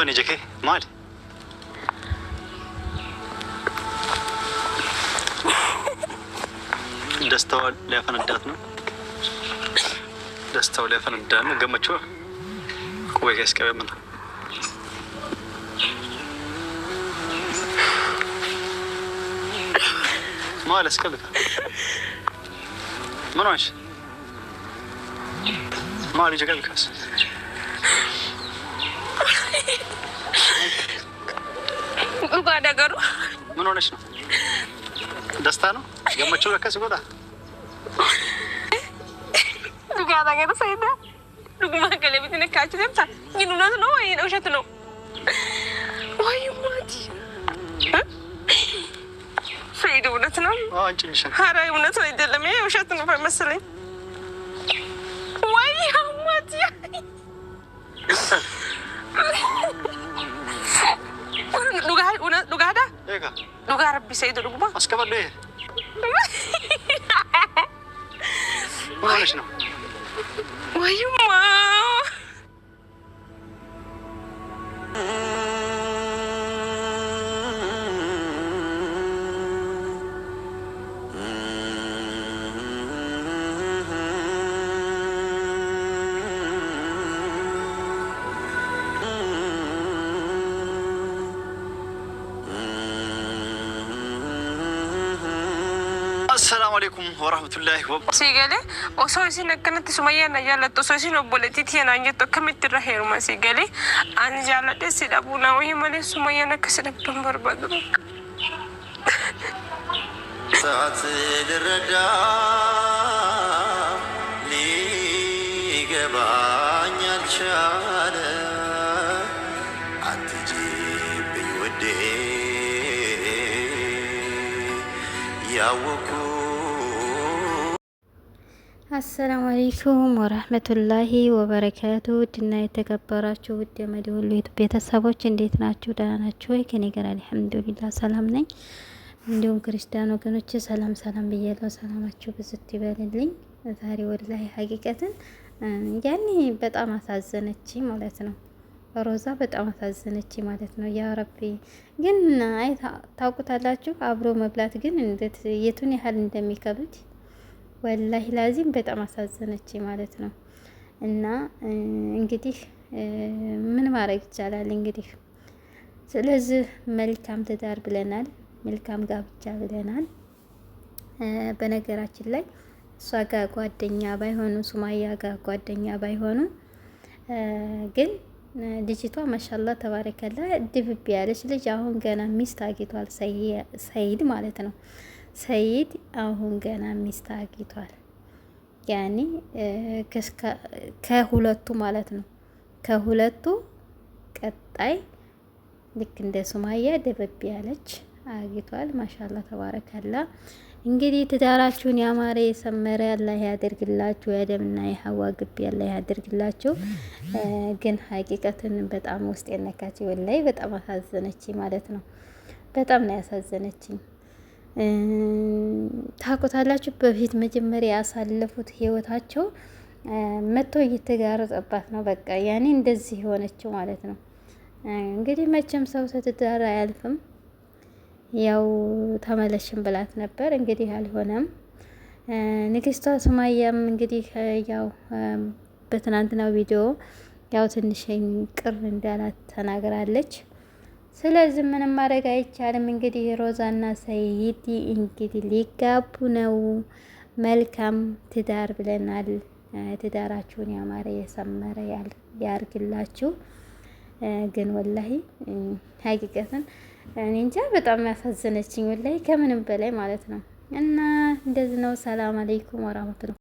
Funny, Jackie. Might. ደስታው ሊያፈነዳት ነው። ደስታው ሊያፈነዳ ነው። ገመቹ ቆይ ያስቀበምና ማለት እስከልካ ምን ሆነሽ? ማለት ጀገልካስ ጋ ነገሩ ምን ሆነች ነው? ደስታ ነው ገመችው ለከስ ጎዳ እውነት ነው ወይ ውሸት ነው? እውነት ነው። እውነት ነው አይደለም፣ ውሸት ነው መሰለኝ Eka. Lugar Bisaydo Dugba. Askabado eh. Mahalis na. Wayuma. ሰላም አሌይኩም ወረህመቱላሂ ወበረካቱህ ሲገሌ ኦሶሲን ከነት ሱመያና ያለጦ ሶሲን ቦለቲቲና እንጀቶ ከምትረሄሩ ማ ሲገሌ አን ያለጤ ሲደቡ ና ወይ መሌ ሱመያና ከስደብን በርበሉ ሰዓት ድረዳ ያወኩ አሰላሙ አሌይኩም ወረህመቱላሂ ወበረካቱ ውድና የተከበራችሁ ውድ የመዲወሉ ቤተሰቦች እንዴት ናችሁ? ደህና ናችሁ ወይ? ከኔ ጋር አልሐምዱሊላህ ሰላም ነኝ። እንዲሁም ክርስቲያን ወገኖች ሰላም ሰላም ብያለሁ። ሰላማችሁ ብዝት ይበልልኝ። ዛሬ ወላሂ ሀቂቀትን ያኔ በጣም አሳዘነች ማለት ነው። ሮዛ በጣም አሳዘነች ማለት ነው። ያ ረቢ ግን አይ ታውቁታላችሁ፣ አብሮ መብላት ግን እንዴት የቱን ያህል እንደሚከብድ ወላሂ ላዚም በጣም አሳዘነች ማለት ነው። እና እንግዲህ ምን ማድረግ ይቻላል እንግዲህ ስለዚህ መልካም ትዳር ብለናል፣ መልካም ጋብቻ ብለናል። በነገራችን ላይ እሷ ጋር ጓደኛ ባይሆኑ ሱማያ ጋር ጓደኛ ባይሆኑ ግን ልጅቷ ማሻላ ተባረከላ ድብብ ያለች ልጅ አሁን ገና ሚስት አግኝቷል ሰይድ ማለት ነው። ሰይድ አሁን ገና ሚስት አግኝቷል። ያኔ ከሁለቱ ማለት ነው ከሁለቱ ቀጣይ ልክ እንደ ሱማያ ደበብ ያለች አግኝቷል። ማሻላ ተባረከላ። እንግዲህ ትዳራችሁን ያማረ የሰመረ አላህ ያደርግላችሁ። የአደምና የሀዋ ግቢ አላህ ያደርግላችሁ። ግን ሀቂቀትን በጣም ውስጥ የነካች ወላይ በጣም አሳዘነች ማለት ነው። በጣም ነው ያሳዘነችኝ። ታውቁታላችሁ። በፊት መጀመሪያ ያሳለፉት ህይወታቸው መጥቶ እየተጋረጠባት ነው። በቃ ያኔ እንደዚህ የሆነችው ማለት ነው። እንግዲህ መቼም ሰው ስትዳር አያልፍም። ያው ተመለሽም ብላት ነበር። እንግዲህ አልሆነም። ንግስቷ ሱማያም እንግዲህ ያው በትናንትናው ቪዲዮ ያው ትንሽ ቅር እንዳላት ተናግራለች። ስለዚህ ምንም ማድረግ አይቻልም። እንግዲህ ሮዛና ሰይድ እንግዲህ ሊጋቡ ነው። መልካም ትዳር ብለናል። ትዳራችሁን ያማረ የሰመረ ያርግላችሁ። ግን ወላሂ ሀቂቀትን እኔ እንጃ በጣም ያሳዘነችኝ ወላሂ ከምንም በላይ ማለት ነው። እና እንደዚህ ነው። ሰላም አለይኩም ወራህመቱላህ